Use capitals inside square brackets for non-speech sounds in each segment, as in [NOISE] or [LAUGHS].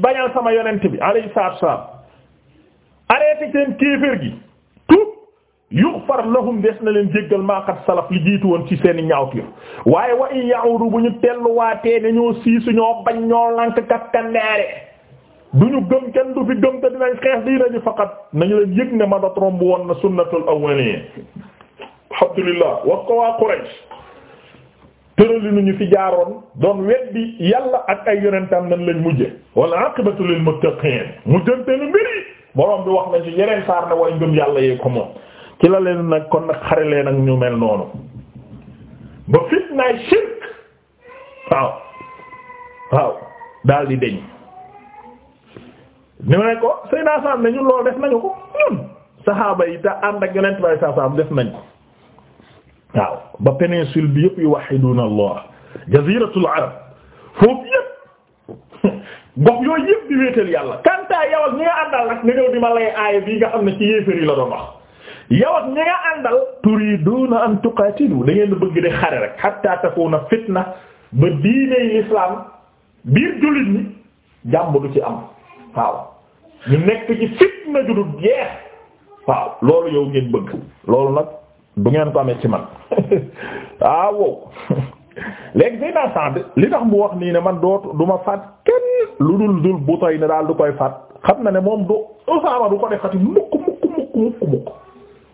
bañal sama yonent bi alayhi salaatu wa salaam arrêté seen kéefër gi tuub yughfar lahum des na leen jéggal maa qad salaf li jiitu woon ci seen ñaawtir waaye wa in ya'udu bu ñu telluwaatee ne ñoo siisu ñoo bañ ñoo lank kattandeere du ñu gëm kenn du fi gëm te dinañ xeex lii nañu faqat nañu leen yëg ne ma da tromb na sunnatul awwalin alhamdulillah wax ko waa Quraysh tëralinu ñu fi jaaroon doon bi yàlla ak ay yonentam nan lañ mujje wal aqibatu lil muttaqin mu mbiri borom bi wax nañ ci yeneen saar ne way ngëm yàlla yee ko moom ci la leen nag kon nag ñu mel noonu ba fitnaay shirk ko sëy naa saam ne ñun loolu def nañu ko saxaaba yi te ànd ak yonent baay saa def nañ waaw ba péninsule bi yëpp yuwahhiduna Allah jaziratul arab foofu yëpp [LAUGHS] gox yooyu yëpp di wéetal yàlla kantaa yow ak ñi nga àndal nag nga ñëw di ma lay aaya bii nga xam ne ci yéefér yi la doon wax yow ak ñi nga àndal turiduna an tuqatilu da ngeen bëgg di xare rek hatta takuna fitna ba diiney l'islam biir jullit ñi jàmm du ci am waaw ñu nekk ci fitna ju du jeex waaw loolu yow ngeen bëgg loolu nag du ngeen ko amee ci man waaw [LAUGHS] ah, wow [LAUGHS] léegi say naa li tax mu wax nii ne man dootu du ma faat kenn lu dul dul bu ne daal du koy faat xam na ne moom du Usaama du ko defati mukk mukk mukk mukk mukk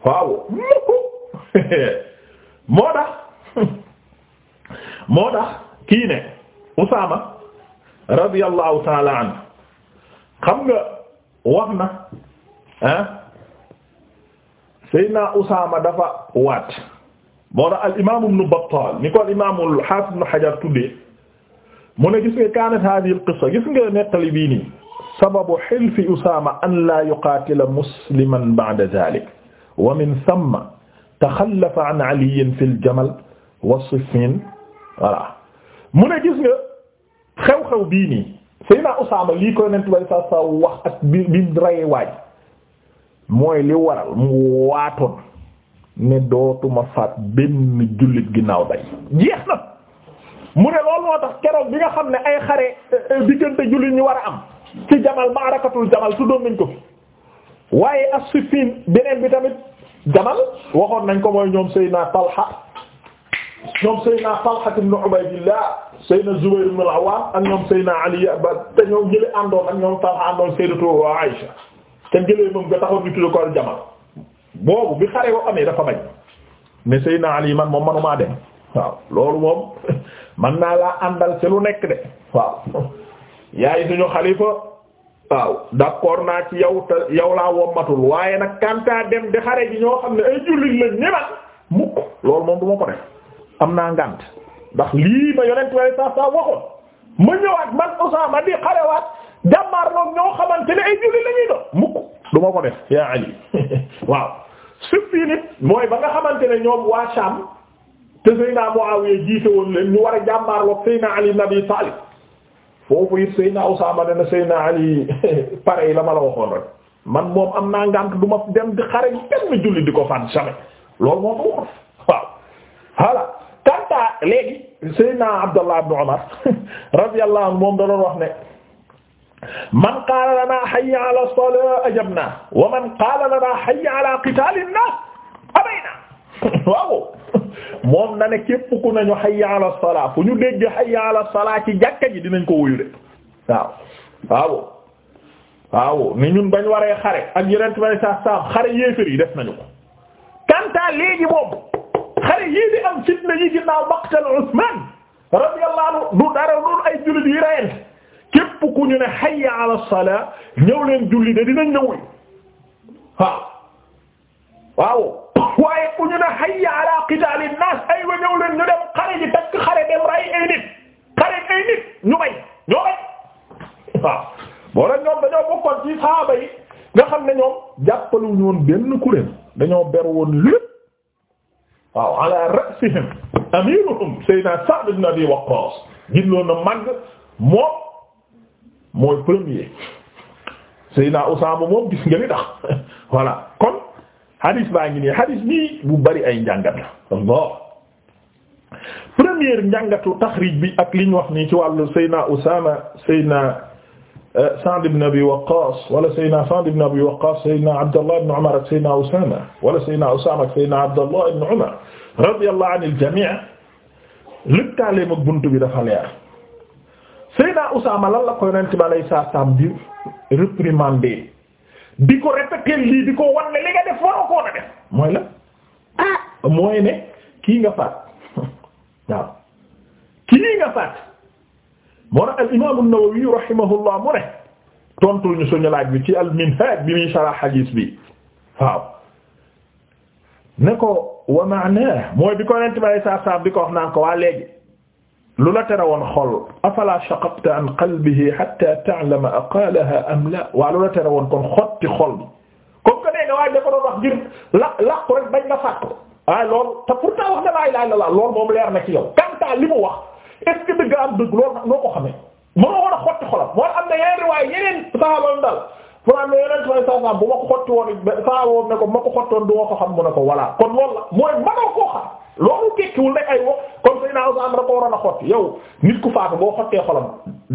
waaw mukk [LAUGHS] moo tax moo tax kii ne Usaama radiyallahu taala an xam nga wax na ah Seydina Usaama dafa waat moo tax al imaam ibn Battaal ni ko al imaam al Haafiz ibn Hajar tuddee mu ne gis nga kaanat haadihi al qissa gis nga nettali bii nii sababu hilfi Usaama an laa yuqaatila musliman ba'da dhaalika wa min thumma taxallafa an Aliyyin fil Jamal wa Siffiin voilà mu ne gis nga xew-xew bii nii Seydina Usaama lii ko Yonent bi sallallahu alayhi wa sallam wax ak bi bi rey waaj mooy li waral mu waatoon ne dootuma faat benn jullit ginnaaw day jeex na mu ne loolu moo tax keroog bi nga xam ne ay xare euh, diggante jullit ñi war a am ci jamal maarakatul jamal tuddoon nañ ko waaye as-Siffin beneen bi tamit jamal waxoon nañ ko mooy ñoom Seydina Talha ñoom Seydina Talha ibn Ubaydillah Seydina Zubayr ibn al-Awwam ak ñoom Seydina Ali ba te ñoom jële àndoon ak ñoom Talha àndoon Sayyidatu Aïsha te njëlee moom nga taxoon ñu tudd ko al jamal boobu bi xare boo amee dafa bañ mais Seydina Ali man moom manumaa dem waaw loolu moom [LAUGHS] man naa laa àndal ci lu nekk de waaw [LAUGHS] yaay suñu xalifa waaw d'accord naa ci yow te yow laa wommatul waaye nag kantaa dem di xare ji ñoo xam ne ay jullit lañ ne ma mukk loolu moom du ko def am naa ngànt ndax lii ma yonent waaye saa saa waxoon ma ñëwaat man Usaama di xarewaat jàmmaarloog ñoo xamante ne ay julli la ñuy mukk du ko def yaa Ali [LAUGHS] waaw suffi mooy ba nga xamante ne ñoom waa Sham te Seydina Muawiya jiite woon leen ñu war a jàmmaarloog Seydina Ali ibn Abi Talib foofu it Seydina Usaama ne na Seydina Ali [LAUGHS] pare yi la ma la waxoon rek man moom am naa ngànt du ma dem di xare gi benn julli di ko fànn jamais loolu moom ko wax waaw voilà kanta léegi Seydina Abdallah ibn Umar [LAUGHS] radiyallahu anhu moom da wax ne man qaala lanaa hayya ala salaa ajabnaa wa man qaala lanaa hayya ala qitaalin naas abaynaa [LAUGHS] waaw moom na ne képp ku nañu hayya ala salaa ñu dégg hayya ala salaa ci jàkka ji dinañ ko wuyu de waaw waaw waaw ni ñun bañ waree xare ak yonent bi saa saam xare yéeféer yi def nañu ko kantaa léegi moom xare yii di am fitna yi ginnaaw maqtal Usmaan radiyallahu anhu du dara du ay jullit yi képp ku ñu ne hayya ala leen julli de dinañ la wuy waaw waaw waaye ku ñu ne hayya ala qitaali naas ay wa ñëw leen ñu dem xare ji takk xare dem ray ay nit xare ay nit ñu bay ñoo bay waaw boo leen amiruhum sayyidina Sa'd ibn Abi Waqqas gilloon na màgg mooy premier Seydina Usaama moom gis nga li tax [LAUGHS] voilà kon hadis baa ngi nii hadis bii bu bari ay njàngat la bon première njàngatu taxrij bi ak li ñu wax nii ci wàllu Seydina Usaama Seydina euh, Sa'd ibn Abi Waqqaas wala Seydina Sa'd ibn Abi Waqqaas Seydina Abdallah ibn Umar ak Seydina Usaama wala Seydina Usaama ak Seydina Abdallah ibn Umar radiyallahu anil jamii' lëkkaaleem ak buntu bi dafa leer. Seydina Usaama lan la ko yonent bi alayhi salaam di réprimander di ko répéter lii di ko wan li nga def waroo def mooy la ah mooy ne kii nga faat [LAUGHS] waaw kii nga faat moo tax al imaam an-Nawawi rahimahullah mu ne tontul ñu suñu laaj bi ci al-Minhaaj bi muy sarh hadiis bi waaw ne ko wa ma'naa mooy bi ko yonent bi alayhi salaam di ko wax naan ko waa léegi. lu la tere woon xol afala shaqaqta an qalbihi hatta ta'lama aqalaha am la waa lu la tere woon kon xotti xol bi comme que nee nga waaye dafa doon wax ngir la làqu rek bañ na fàtt ko na laa leer na ci yow li wax est ce am dëgg loolu nag noo ko xamee mënoo war a xotti xolam moo am na yeneen riwaay yeneen saxaabam dal furaan ne yeneen sooy saa saa bu ma ko xotti woon saa woon ne ko ma ko xottoon du ma ko xam mu ne ko voilà kon loolu la mooy mënoo koo xam loolu tekkiwul rek ay wax kon say naa Usmaan rek ko waroon a xotti yow nit ku faatu boo xottee xolam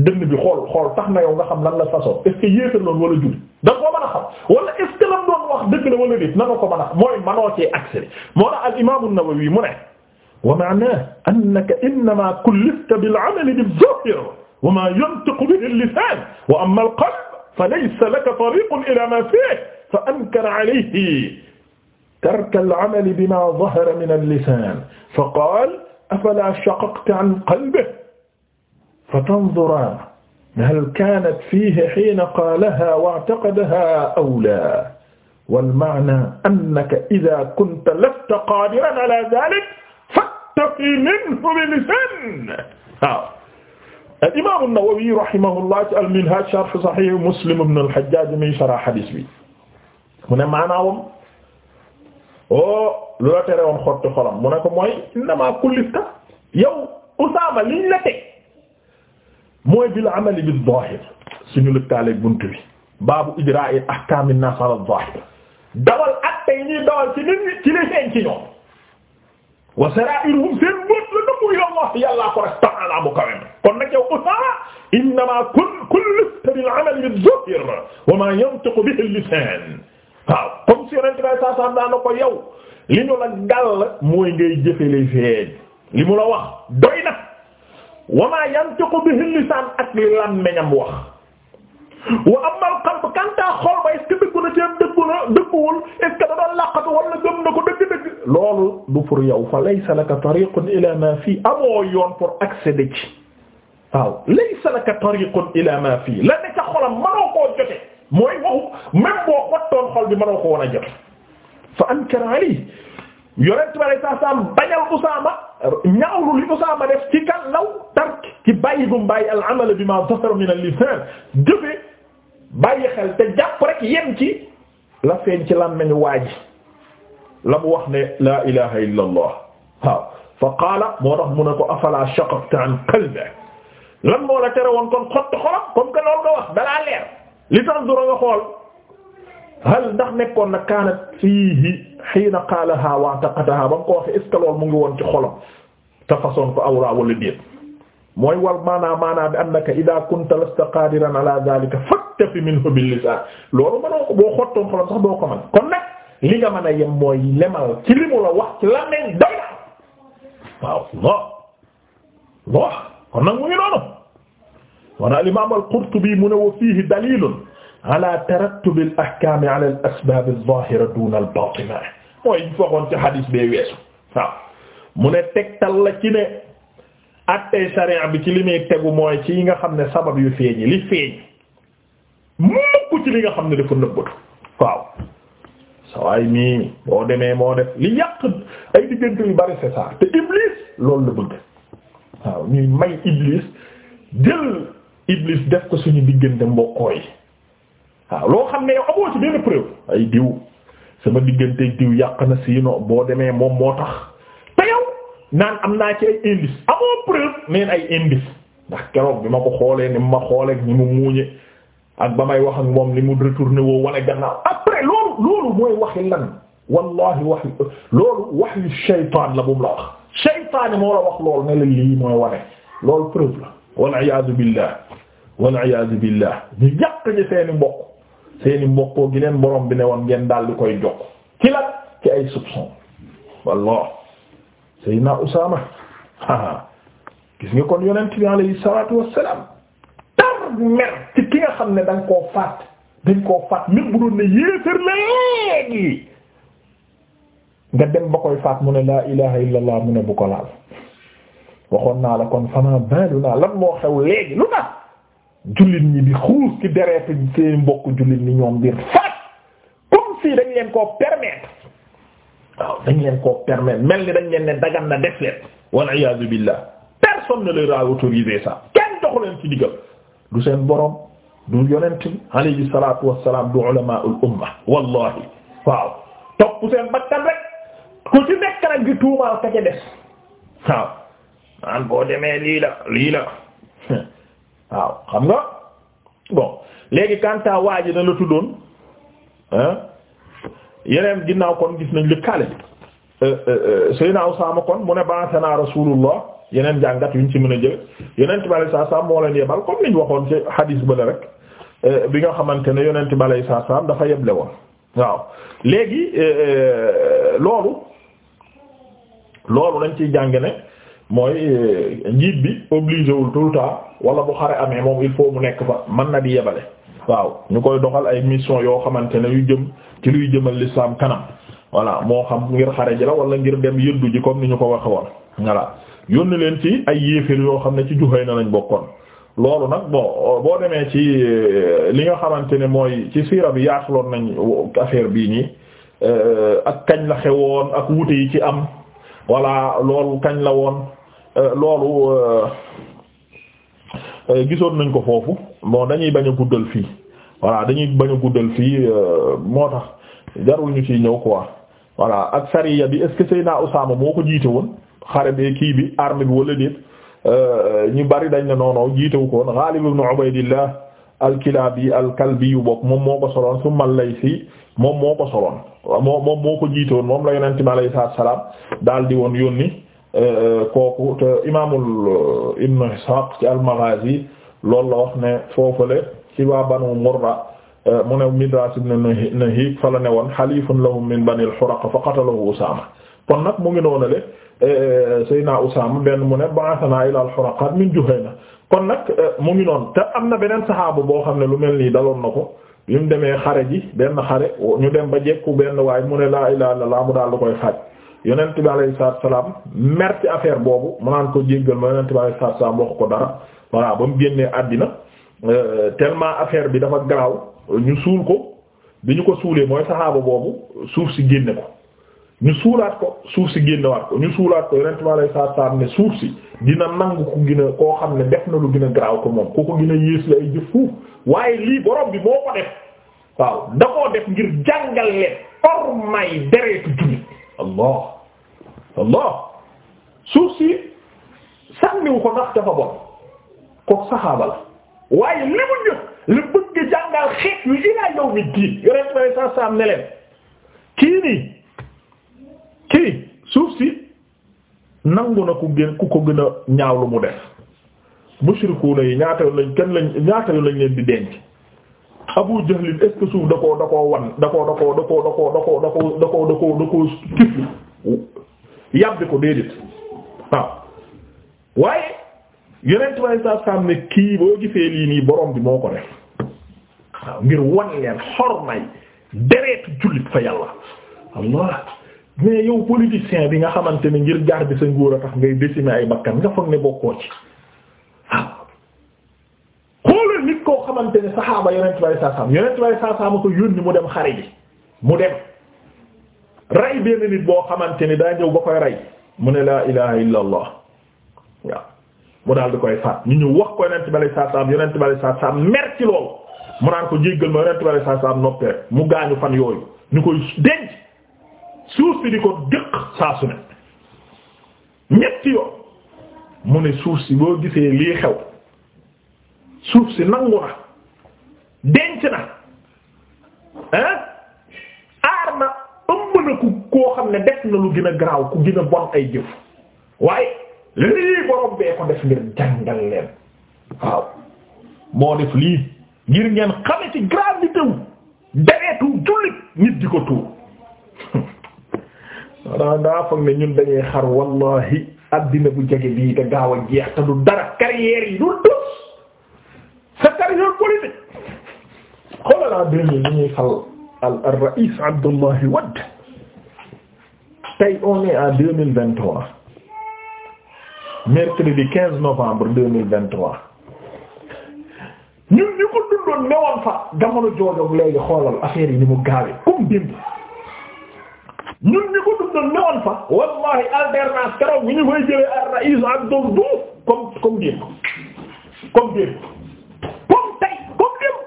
dënn bi xool xool tax na yow nga xam lan la façon est ce que yéefar loolu wala julli da koo mën a xam wala est ce que lan doon wax dëgg la wala déet na nga ko mën a mooy mënoo cee accès moo tax al imaam an-Nawawi mu ne wa ma'naahu annaka innamaa kullifta bil amali bi-z-zaahir wa maa yantiqu bihi al-lisaan wa ammaa al-qalb fa laysa laka tariqun ila ma fihi fa ankara alayhi tarka al-amali bima zahara min al-lisan fa qala afala shaqaqta an qalbihi fatanzura hal kanat fihi hina qalaha wa'taqadaha aw la wal-ma'na annaka idha kunta lasta qadiran ala dhalik fattaqi minhu bi lisan waaw al imaamu Nawawi rahimahullah ci al-Minhaj sharh Sahih Muslim ibn al-Hajjaj mi sharh hadith bi mu ne maanaawam oh lu la tere woon xotti xolam mu ne ko mooy innama kullifta yow Usaama liñ la teg mooy bil amali bi zaahir suñu lëkkaaleeg bunt bi baabu ijraa'i ahkaami an-naas ala zaahir dawal atte yi ñuy dawal ci nit ñi ci li feeñ ci ñoom wa sara'iruhum seen bët la nëbbu ilallah yàllaa ko rek ta'ala bu kawe kon nag yow Usaama ah, innama kullu kullu bil amal az-zahir wa ma yantiqu bihi al-lisan waaw comme si yonent bay saa saa daana ko yow li ñu la dal mooy ngay jëfe lay feeñ li mu la wax doy na wa ma yantiqu bihi al-lisan ak li làmmiñam wax wa amma al-qalb kantaa xol ba est-ce que dëggu na ci dëggu na dëgguwul est-ce que da doon laqatu wala gëm na ko dëgg-dëgg loolu du pour yow fa laysa laka tariqun ila ma fii amoo yoon pour accéder ci waaw laysa laka tariqun ila ma fii la ne ca xolam mënoo koo jote mooy waxu même ko woon a jote fa ankara alayhi yonent bi alayhi salaam bañal Usaama ñaawlu li Usaama def ci kan law tark ci bàyyi gum bàyyi al amal bima zahara min al lisaan jëfe bàyyi xel te jàpp rek yem ci la feeñ waa la mu wax ne la ilaha illa allah waaw fa qaala moo tax mu ne ko afala shaqaqta an qalbi lan moo la tere woon kon xott xolam comme que loolu nga wax dalaa leer li tanzura nga xool hal ndax nekkoon na kaanat fiihi hiina qaalahaa wa taqatahaa ba mu ko waxee est ce que loolu mu ngi woon ci xolam te façon ko awra wala déet mooy wal maanaa maanaa bi annaka idaa kunta lasta qaadiran ala dhalika faktafi minhu bil lisaan loolu mënoo ko boo xottoon xolam sax doo ko mën kon nag li nga mën a yem mooy lemal ci li mu la wax ci la mel doy waaw loo loo kon nag mu ngi noonu wana al imam mu ne wa fiihi dalilun ala taratub al ahkam ala al asbab al zahira duna al batina ci hadis bee weesu waaw mu ne tegtal la ci ne attey sharia bi ci li muy tegu mooy ci yi nga xam ne sabab yu feeñi li feeñ mukk ci li nga xam ne dafa nëbbatu waaw sawaay mii boo demee moo def li yàq ay diggante yu bari c'est te iblis loolu la bëgg waaw ñuy may iblis jël iblis def ko suñu diggante mbokkoo yi waaw loo xam ne amoo ci benn preuve ay diw sama diggante diw yàq na siino boo demee moom moo tax te yow naan am naa ci ay indice amoo preuve neen ay indice ndax keroog bi ma ko xoolee ni ma xoolee ni mu muuñe ak ba may wax ak moom li mu retourné woo wala gannaaw après loolu mooy waxi lan wallahi waxi loolu waxi shaytaan la bu mu la wax shaytaan moo la wax loolu ne la lii mooy wane loolu preuve la wal iyaadu billah wal iyaadu billah ñu yàq ñu seeni mbokk seeni mbokkoo gi leen borom bi ne woon ngeen daal di koy jokk ci lan ci ay soupçon wallah sayyidina Usaama gis nga kon yonent bi alayhi salaatu wassalaam tar mer ci ki nga xam ne danga koo faat dañ koo faat même bu doon ne yéefar léegi nga dem ba koy faat mu ne laa ilaha illallah mu ne bu ko laal waxoon naa la kon fama baalu naa lan moo xew léegi lu tax jullit ñi di xuus ci deretu seen mbokk jullit ñi ñoom biir faat comme si dañ leen koo permettre waaw dañ leen koo permettre mel ni dañ leen ne dagan na def leen wal iyaazu billah personne ne leur a autorisé ça kenn doxu leen ci diggal du seen borom du yonent alayhi salaatu wassalaam du ulamaa'ul umma wallahi waaw topp seen bakkan rek ku ci nekk nag di tuumaal ka ca des waaw naan boo demee lii la lii la [LAUGHS] waaw xam nga bon léegi kanta waa ji na la tuddoon yeneen ginnaaw kon gis nañ li kaale bi euh, euh, euh, Seydina Usaama kon mu ne ba'athana Rasuulullah yeneen jàngat yuñ ci mën a jël yonent bi saa salaam moo leen yebal comme niñ waxoon ci hadis ba rek eh, bi nga xamante ne yonent bi alayhi salaam dafa yeble woon waaw léegi eh, eh, loolu loolu dañ ciy jàng ne mooy njiit bi obligé wul tout le wala bu xare amee moom il faut mu nekk fa man na di yebale waaw ñu koy doxal ay mission yoo xamante ne yu jëm ci luy jëmal l'islam kanam voilà moo xam ngir xare ji la wala ngir dem yëddu ji comme ni ñu ko waxe woon voilà yónni leen ci ay yéeféer yoo xam ne ci na lañ bokkoon loolu nag bon boo demee ci euh, li nga xamante ne mooy ci siira bi yaatuloon nañ affaire bii nii euh, ak kañ la xewoon ak wute yi ci am voilà loolu kañ la woon euh, loolu gisoon nañ ko foofu bon dañuy bañ guddal fii voilà dañuy bañ a guddal fii moo tax jaruñu ñu ciy ñëw quoi voilà ak sariya bi est-ce que Usaama moo ko jiite woon xare bee kii bi armée bi wala déet euh, ñu bari dañ ne noonu jiitewu ko woon Ghalib ibn Ubaydillah al yu bokk moom moo ko soloon summa al moom moo ko soloon moom woon moom la yonent bi alayhi salaam daal di woon yónni euh, kooku te imaamul euh, Ibn Ishaq ci al-Maghazi la wax ne foofale ci waa Banu Murra mu ne Midras ibn Nahik fa la ne woon halifun lahum min Bani al fa qatalahu Usama kon nag mu ngi noonale Eh, eh, Seydina Usaama benn mu ne ba'athana ila al-Huraqat min Juhayna kon nag eh, mu ngi noonu te am na beneen saxaabu boo xam ne lu mel nii daloon na ko bi mu demee xare ji benn xare ñu dem ba jekku benn waaye mu ne laa ilaaha illallaah mu daal lu koy xaaj yonent bi alayhi salaatu salaam mer ci affaire boobu mu naan ko jéggal ma yonent bi alayhi salaatu salaam wax ko dara voilà ba mu génnee àddina tellement affaire bi dafa garaaw ñu suul ko bi ñu ko suulee mooy saxaaba boobu suuf si génne ñu suulaat ko suuf si génnewaat ko ñu suulaat ko yonent bi alayhi salaatu ne suuf si dina nangu ko gën koo xam ne def na lu gën a garaaw ko moom ku ko gën a yées la jëf fuuf waaye lii borom bi moo ko def waaw da def ngir jàngal leen or may dereetu allah allah suuf si sànniwu ko ndax dafa bon ko saxaaba la waaye li mu bëgg jàngal xeet yu ilaa yawmi diin yonent bi alayhi salaatu salaam ne leen kii nii kii suuf si nangu na ku gën ku ko gën a ñaaw lu mu def mushrikuuna yi ñaata lañ kenn lañ ñaata lañ leen di denc Abu Jahlin est-ce que suuf da koo da koo wan da koo da koo da koo da koo da koo da koo da koo da koo da koo kifli yàbbi ko déedéet waaw waaye yeneen tubaab yi saa saam ne kii boo gisee lii nii borom bi moo ko def waaw ngir wan leen xormay dereetu jullit fa yàlla Allah mais yow politicien bi nga xamante ne ngir garder sa nguur a tax ngay décimer ay bakkan nga foog ne bokkoo ci xoolal nit koo xamante ne saxaaba yonent bi sallallahu alayhi wasallam yonent bi sallallahu alayhi wasallam ko yónni mu dem xare bi mu dem rey benn nit boo xamante ni daa ñëw ba koy rey mu ne laa ilaha illa allah waaw mu daal di koy faat ñu ñuy wax ko yonent bi sallallahu alayhi wasallam yonent bi sallallahu alayhi wasallam mer ci loolu mu naan ko jéggal ma yonent bi sallallahu alayhi wasallam noppee mu gaañu fan yooyu ñu koy denc suuf si di ko dëq saa su ñetti yoon mu ne suuf si boo gisee lii xew suuf si nangu na denc na ah aar na ëmb na ku koo xam ne def na lu gën a garaaw ku gën a bon ay jëf waaye lii borom bee ko def ngir jàngal leen waaw moo def lii ngir ngeen xame ci gravité wu dereetu jullit nit di ko tuur xanaa ngaa foog ne ñun dañuy xar wallahi addina bu jege bii da gaaw a jeex te du dara carrière yi du tus sa carrière yi ñuy fal al al raïs Abdoulaye Wade tey on est en deux mille novembre ñun affaire yi ni mu gaawee comme ñun ñu ko na newoon fa wallahi alternance ñu koy jëlee ar rais Abdou Diouf comme comme démb comme démb comme tay comme démb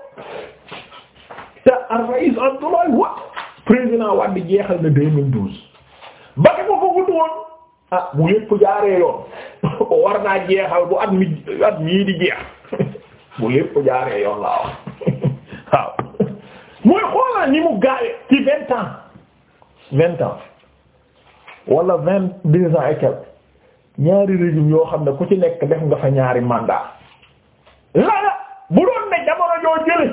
te ar rais Abdoulaye Wade président Wade jeexal na 2012 ba te ko ko woon ah bu lépp jaaree yoon [LAUGHS] war naa jeexal bu at mi at mii di jeex [LAUGHS] bu lépp jaaree yoon laa wax [LAUGHS] waaw mooy xoolal ni mu gaawe ci vingt ans vingt ans wala vingt deux ans ñaari régime yoo xam ne ku ci nekk def nga fa ñaari mandat lala bu doon ne jamono joo jële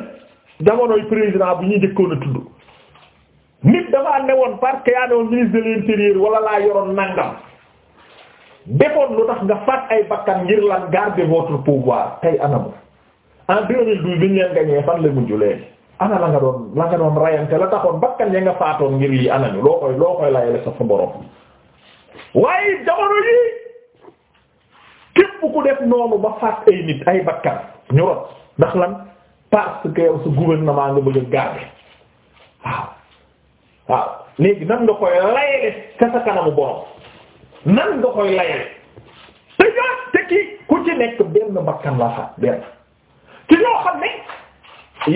jamonoy président bu ñuy jëkkoon a tudd nit dafa ne woon parce que yaa ne woon ministre de l'intérieur wala laa yoroon nangam defoon lu tax nga faat ay bakkan ngir lan garder votre pouvoir tey anamu en 2012 bi ñu leen gañee fan la mujj leen ana la nga doon la nga doon rayante la taxoon bakkan ya nga faatoon ngir yi anañu loo koy waaye jamono yii képp ku def noonu ba faat ay nit ay bakkan ñu rot ndax lan parce que yow sa nga bëgg a garder waaw waaw léegi nan nga koy layale ca sa kanamu borom nan nga koy layale te ñoo te kii ku ci nekk benn bakkan la faat benn ci ñoo xam ne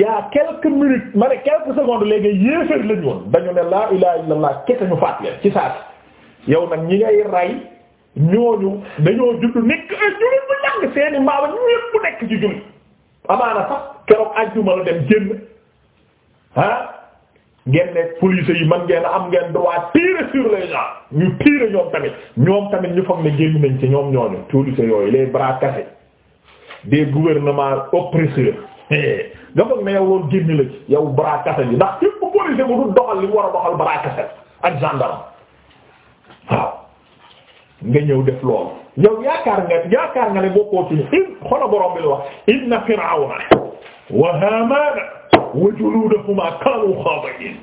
yaa quelques minutes ma ne quelques léegi yéefar lañu woon dañu ne laa ilaaha illallaah kese ñu faat leen ci saati yow nag ñi ngay rey ñooñu dañoo juddu nekk ay jullit bu yàgg seeni mbaaba ñépp bu nekk ci jullit amaana sax keroog àjjuma la dem génn ah ngeen ne police yi man ngeen am ngeen droit tirer sur les ñu tirer ñoom tamit ñoom tamit ñu foog ne génn nañ ci ñoom ñooñu police yooyu les bras cassés des gouvernements oppresseurs [LAUGHS] nga foog ne yow loolu génn la ci yow bras cassés yi ndax képp police bu du doxal li war a doxal bras ak gendarme waaw nga ñëw def loolu yow yaakaar nga yaakaar nga ne bokkoo ci in xola borom bi la wax inna firawna wa haamaana wa juluudahuma kaanu xaati'iin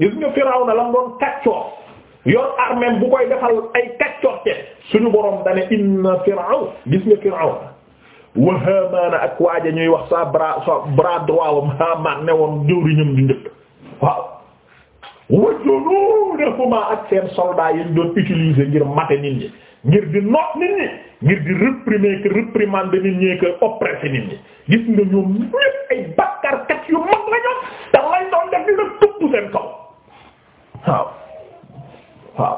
gis nga firawna lam doon kaccoor yor armèm bu koy defal ay kaccoor te suñu borom dane inna firawna gis nga firawna wa haamaana ak waaja ñuy wax sa bras sa droit wam haamaan ne woon jëwriñam di njëkk wa junuudahuma ak seen soldats yi doon utilise ngir mate nit ñi ngir di noot nit ñi ngir di réprimer que nit ñi que nit ñi gis nga ñoom ñépp ay bakkarkat yu mag la ñoom te lay doon def dina tupp seen kaw waaw waaw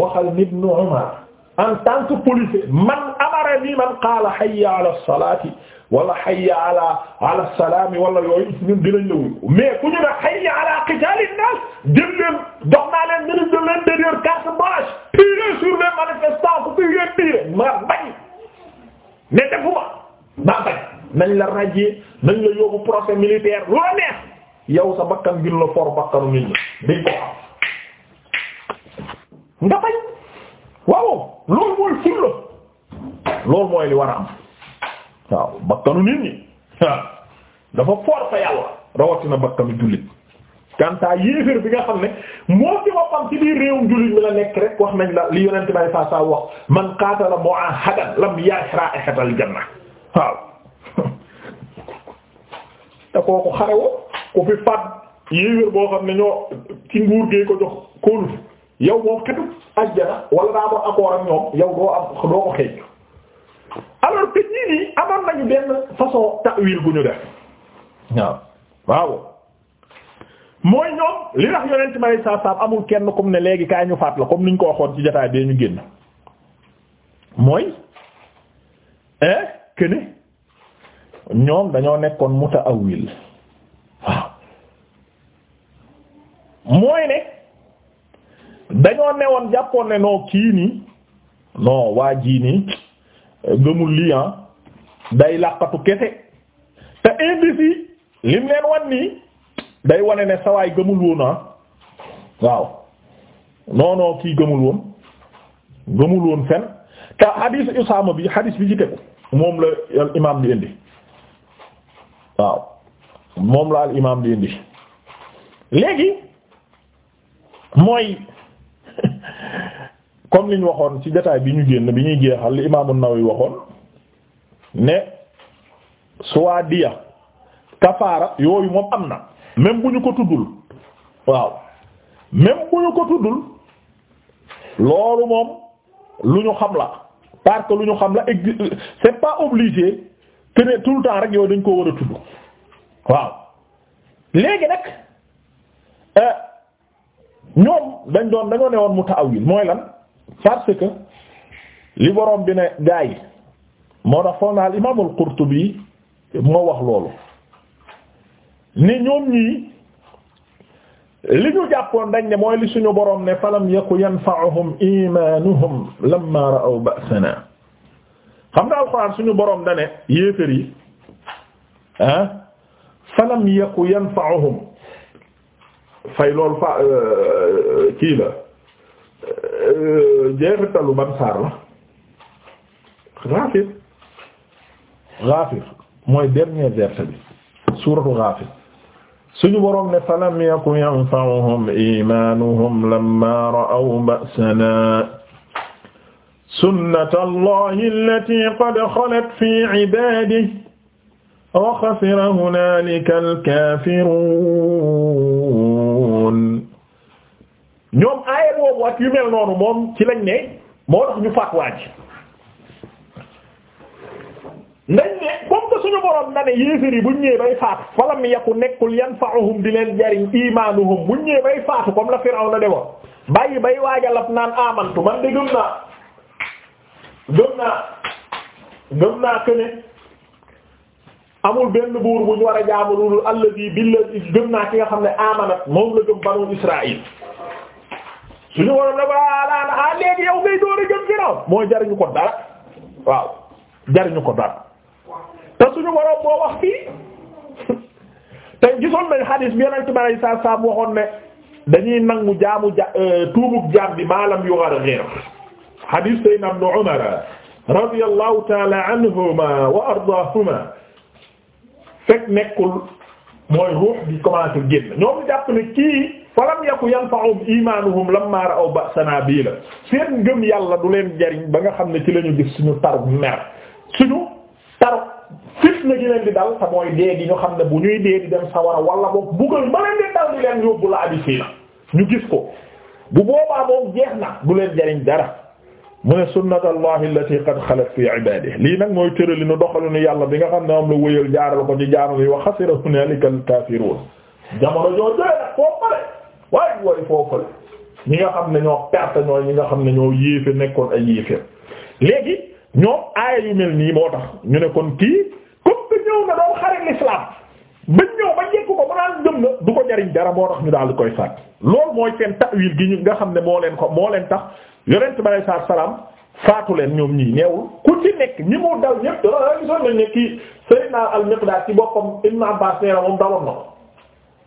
waxal nit ñu Umar en tant que policier man amara bi man qaala hayya ala salaati wala hayya ala ala salaami wala yooyu ñun dinañ la wuyu mais ku ñu ne hayya ala qitaali naas jël leen dox naa leen ministre de l'intérieur carte blanche tirez sur les manifestants ku fi ngeen tiré maa bañ ne defuma maa bañ nañ la radier nañ la yóbbu procès militaire lu la neex yow sa bakkan gin la for bakkanu nit ñi dañ ko am nga bañ waaw. loolu mooy fulla loolu mooy li war a am waaw bakkanu nit ñi dafa for fa yàlla rawatina bakkanu jullit kantaa yéeféer bi nga xam ne moom ci boppam ci biir réewum jullit mi la nekk rek wax nañ la li yonent bay saa saa wax man qatala mu'ahadan lam yashra ihatal janna waaw [LAUGHS] te kooku xare wo ku fi faat yéeféer boo xam ne ñoo ci nguur gee ko jox kóolu yow moom xetu ajjana wala daa doon accord ak ñoom yow doo am doo ko xeeñ alors que ñii nii amoon nañu benn façon ta'wil bu ñu def waaw mooy ñoom li tax yonent ma saa saam amul kenn comme ne léegi kaay ñu faat la comme ni ñu ko waxoon ci jotaay bee ñu génn mooy eh que ñoom dañoo nekkoon muta'awil dañoo newoon jàppoon ne noo kii nii non waa jii nii gëmul lii ah day làqatu kese te indisi lim leen wan nii day wane ne sawaay gëmul woon ah waaw non kii gëmul woon gëmul woon fen te hadis Usaama bi hadis bi ci tegu moom la al imaam di indi waaw moom la al imaam di indi léegi mooy. comme liñ waxoon ci jotaay bi ñu génn bi ñuy jeexal li imaamu Nawawi waxoon ne soit diya kafaara yooyu moom am na même bu ñu ko tuddul waaw même bu ñu ko tuddul loolu moom lu ñu xam la parce lu ñu xam la c'est pas obligé que ne tout le temps rek yooyu dañ ko war a tudd waaw léegi nag euh, ñoom dañ doon dañoo ne woon mutaawil mooy lan parce que li borom bi ne gaa yi moo tax foog naa al imaamul Qurtubi moo wax loolu ni ñoom ñii li ñu jàppoon dañ ne mooy li suñu borom ne falam yaku yanfa'uhum imanuhum lamma ra'aw ba'sana xam nga alxuraan suñu boroom da ne yéefér yi ah falam yaku yanfa'uhum fay loolu fa euh, euh, kii la euh, jeexitalu ban saar la Ghafir Ghafir mooy dernier verset bi suuratu Ghafir suñu boroom ne falam yakun yanfa'uhum imanuhum lamma ra'aw ba'sana sunnata allahi allati qad xalat fi ibadihi wa xasira hunalika al-kafirun ñoom aaya boobu ak yu mel noonu moom ci lañ ne moo tax ñu faat waa ji ndañ ne comme que suñu borom na ne yéeféer yi buñ ñëwee bay faatu falam yàqu nekkul yanfa'uhum di leen jariñ imaanuhum buñ ñëwee bay faatu comme la Firawna demoon bàyyi bay waajalab naan amantu man de gëm naa gëm naa gëm naa këne amul ben buur bu ñu a jaamu loolu allazi billazi naa ki nga xam ne moom yow ngay door a gëm ginnaaw mooy jariñu ko dara waaw jariñu ko dara te suñu waroon boo wax fii te gisoon nañ hadis bi yonent bi alayhi salaam waxoon ne dañuy nangu jaamu ja euh, jaam bi maalam yu war a réer hadis Sayyidina Ibn Umar radiyallahu ta'ala anhuma wa ardaahuma fekk nekkul mooy ruux bi commencé génn ñoom jàpp ne kii falam yaku yanfa'uhum imanuhum lamma ra'aw ba'sana bii la seen ngëm yàlla du leen jariñ ba nga xam ne ci la ñu gis suñu taru mer suñu taru fitna gi leen di dal te mooy dee gi ñu xam ne bu ñuy dee di dem sawara wala boog buggal ba leen di dal di leen yóbbu la na ñu gis ko bu boobaa moom jeex na du leen jariñ dara mu ne sunnatallahi allati qad xalat fi ibaadihi lii nag mooy tërali nu doxalu nu yàlla bi nga xam ne moom la wëyal jaaral ko ci jaamam yi wa xasira hunaalika al-kaafiruun jamono jooju foofale waaye wooy foofale ñi nga xam ne ñoo perte ñooy ñi nga xam ne ñoo yéefe nekkoon ay yéefe léegi ñoom aaya yu mel nii moo tax ñu ne kon kii comme que ñëw na doon xare l'islam ba ñëw ba jekk ko ba naan jëm du ko jariñ dara moo tax ñu daal di koy sàkk loolu mooy seen ta'wil gi ñu nga xam ne moo leen ko moo leen tax yonent bi alayhi salaam faatu leen ñoom ñii neewul ku ci nekk ñi mu dal ñëpp da ah, la ah, gisoon nañ ne kii Sayyidina al-Miqdaad ci boppam Ibn Abbaas nee na moom daloon na ko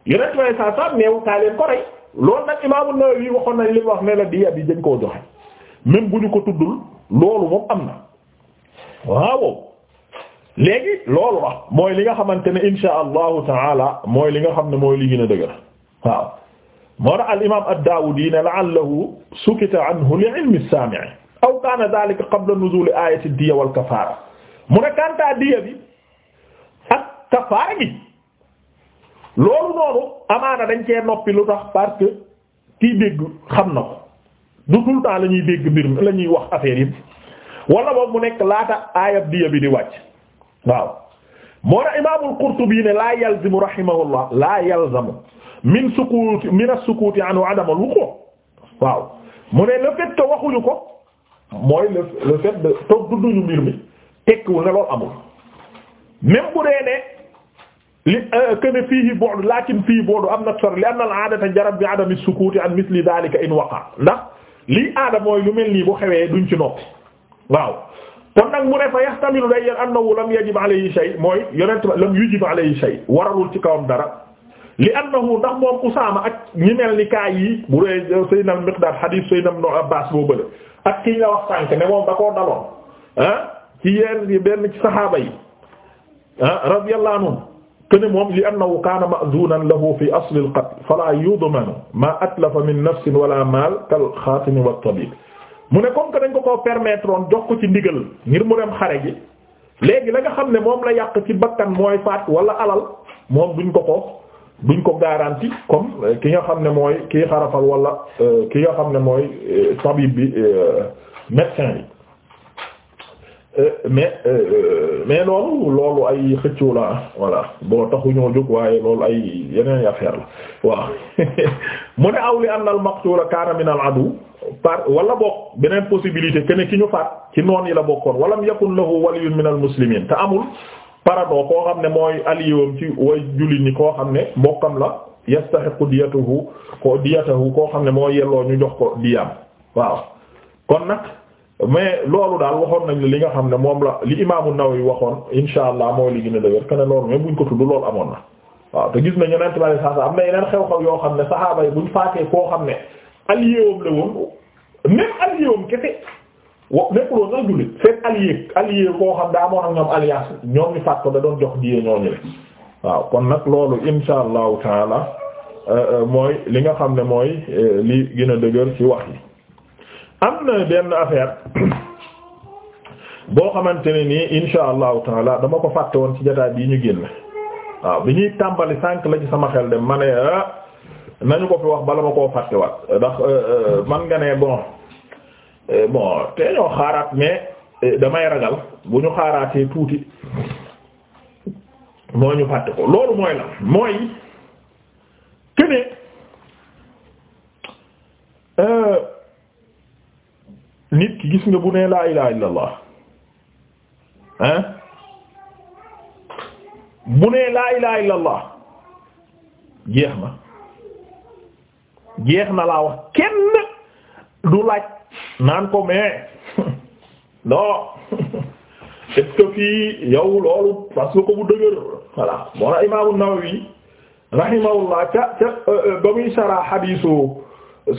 yonent bi alayhi salaam neewul kaa leen ko rey loolu nag Imaam An-Nawawi waxoon nañ li wax ne la diya yi dañ koo joxe même bu ñu ko tuddul loolu moom am na waaw. léegi loolu la mooy li nga xamante ne insha allahu taala mooy li nga xam ne mooy li gën a dëgër waaw moo tax al imaam ad-Daawudi ne la'allahu sukita anhu li ilmi saami' aw kaana daalika qabla nuzuuli aayati diya wal kafaara mu ne kanta diya bi ak kafaara gi loolu noonu amaana dañ cee noppi lu tax parce que kiy dégg xam na ko du tout le temps la ñuy dégg mbir mi la ñuy wax affaire yi wala boobu mu nekk laata aayab diya bi di wàcc waaw moo tax imaamul Qurtubi ne laa yalzimu rahimahullah laa yalzamu min sukuuti min as-sukuuti anhu adamal wuqu waaw mu ne le fait que waxuñu ko mooy le le fait de toog dunduñu mbir mi tekkiwul ne loolu amul même bu dee ne li kana euh, fiihi bu'd lakin fiihi bu'd am na sor li anna al-aadata jarab bi adami as-sukuuti an mithli dhalika in waqa ndax lii aada mooy lu mel nii bu xewee duñ ci noppi waaw kon nag mu ne fa yahtamilu day yeen annahu lam yajib alayhi shay mooy yonent lam yujib alayhi shay waralul ci kawam dara li annahu ndax moom Usaama ak ñi mel ni kaay yi bu dee Seydina Miqdaad hadith Abbaas boo ak ki nga wax sànk ne moom da daloon ah ci yenn benn ci saxaaba yi ah radiyallahu anhum kene moom li annahu kaana ma'zuunan lahu fi asli al-qatl falaa yudmanu maa atlafa min nafsin wala maal kal xaatimi wat-tabiib mu ne comme que dañ ko koo permettre woon jox ko ci ndigal ngir mu dem xare gi léegi la nga xam ne moom la yàq ci bakkan mooy faat wala alal moom duñ ko buñ ko garanti comme euh, ki nga xam ne mooy kii xarafal wala euh, ki nga xam ne mooy euh, tabib bi médecin bi mais mais loolu loolu ay xëccoo la voilà boo taxu ñoo jóg waaye loolu ay yeneen affaire la waaw [LAUGHS] mu ne aw li an al maqtula kaana min al adu par wala bokk beneen possibilité que ne ki ñu faat ci noon yi la bokkoon walam yakun lahu waliyyun min al muslimin te amul parado koo xam ne mooy alliéwam ci way jullit ñi koo xam ne mbokkam la yastahiqu diyatuhu ko diyatahu koo xam ne moo yelloo ñu jox ko diyaam waaw kon nag mais loolu daal waxoon nañ li nga xam ne moom la li imaamu Nawawi waxoon insha allah mooy li gën a dëgër que ne loolu mais buñ ko tudd loolu amoon na waaw te gis nañ yeneen tubaab yi am na yeneen xew-xew yoo xam ne saxaaba yi buñ faatee koo xam ne alliéwam la woon même alliéwam kese wa nekkuloo sax jullit seen allié allié koo xam daa moo nag ñoom alliance ñoom ñu faat ko da doon jox diye ñooñu le waaw kon nag loolu insha allahu taala euh, euh, mooy li nga xam ne mooy euh, li gën a dëgër ci wax yi am na benn affaire boo xamante ne nii insha allahu taala dama ko fàtte woon ci jotaay bii ñu génn waaw bi ñuy tàmbali sànq la ci sama xel dem ma ne ah, nañu ko fi wax bala ma koo fàttewaat ndax man nga ne bon Euh, bon te ñoo xaaraat mais euh, damay ragal bu ñu xaaraatee tuuti moo ñu fàtte ko loolu mooy la mooy këne euh, nit ki gis nga bu ne laa ilaha illallah hein bu ne laa ilaha illallah jeex na jeex na laa wax kenn du laaj naan ko mais [LAUGHS] non [LAUGHS] est-ce que fii yow loolu parce que ko bu dëgër voilà moo na imaamu Nawawi rahimahullah ca ca euh, euh, ba muy sara xadiisu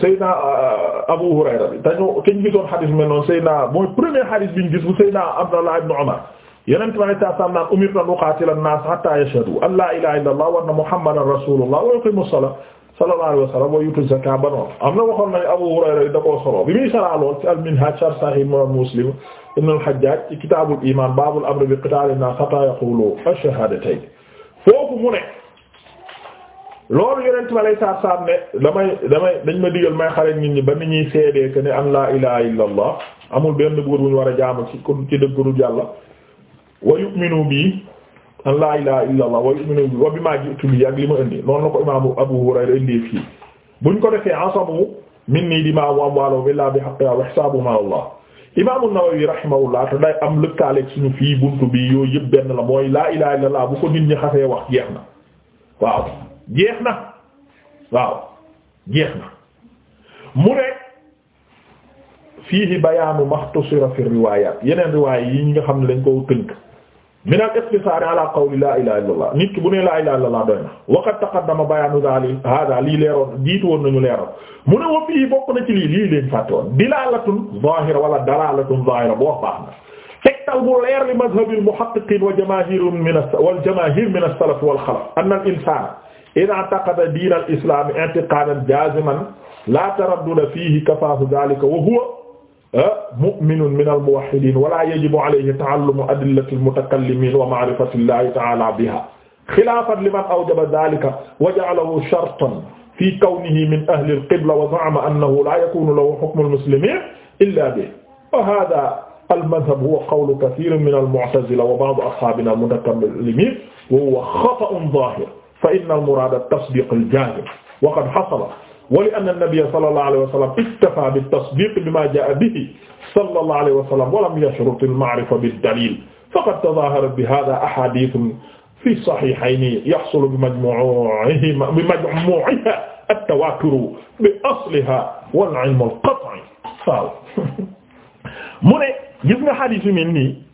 Seydina euh, Abu Hurayra bi dañu teñ gisoon xadiis mel noonu Seydina mooy premier xadiis bi ñu gis bu Seydina Abdallah ibn Umar yeneen tamit saa saam naan umirtu an uqaatila an-naas hattaa yashhadu an laa ilaaha illallaah wa anna muhammadan rasuulullaah wa yuqiimu salaah sallallahu alayhi wa sallam wa yutu zakat ba noonu am na waxoon nañ Abu Hurayra da koo solo bi muy saraa lool ci al-Minhaj sharh Sahih Muslim ibn al-Hajjaj ci kitaabul iman baabul amri bi qitaali naas hatta yaqulu ash foofu mu ne loolu yonent ma lay saar saar damay dañ ma digal may xare nit ñi ba nit ñuy seedee que ni am laa ilaaha illallah amul benn buur bu ñu war a jaamu ci ku ci yàlla wa yu'minu bii an laa ilaha illa allah wa yu'minu bi wa bima ji'tu bi ak li ma indi noonu la ko imaamu Abu Hurayra indi fii buñ ko defee asamu minni dimaa'uhum amwaaluhum illaa bi am lëkkaaleeg suñu fii buntu bi yooyu yëpp benn la mooy laa bu ko nit ñi xasee wax jeex na waaw jeex na waaw jeex na mu ne fiihi bayaanu maxtasira fi riwaayaat yeneen riwaay yi nga xam ne dañ ko tënk min al iqtisaar ala qawli laa ilaaha illallaah nit ki bu ne laa ilaaha illallaah doy na waqad taqaddama bayaanu haadaa lii leeroon jiitu woon nañu leeroon mu ne wa fii bokk na ci lii lii leen fàtte woon dilaalatun zaahira wala dalaalatun zaahira boo baax na tegtal bu leer li mazhabil muhaqqiqiin wa jamaahiir min wal jamaahiir min as-salaf wal xalaf anna al-insaana idaa i'taqada diina al-islaam i'tiqaadan jaaziman laa taraddud fiihi kafaahu zaalika wa huwa Ah, mu'minun min al-muwahhidin wala yajibu alayhi ta'allumu adillati al-mutakallimin wa ma'rifati llahi ta'ala biha khilaafan liman awjaba dhalika wa ja'alahu shartan fi kawnihi min ahli al-qibla wa za'ama annahu la yakunu lahu hukmu al-muslimin illa bihi wa hadha al-madhhab huwa qawlu kathirin min al-mu'tazila wa ba'd ashabina al-mutakallimin wa huwa khata'un dhahir fa inna al-murada at-tasdiq al-jazim wa qad hasala wa li anna nabiyya sallallahu alayhi wa sallam iktafa bi tasdiq bima jaa bihi sallallahu alayhi wa sallam wa lam yashrut al ma'rifa bid dalil faqad tadaharat bi hadha ahadith fi sahihayni yahsulu bi majmu'ihima bi majmu'iha at-tawatur bi asliha wal ilm al qat'i waaw [LAUGHS] mu ne gis nga hadith yu mel nii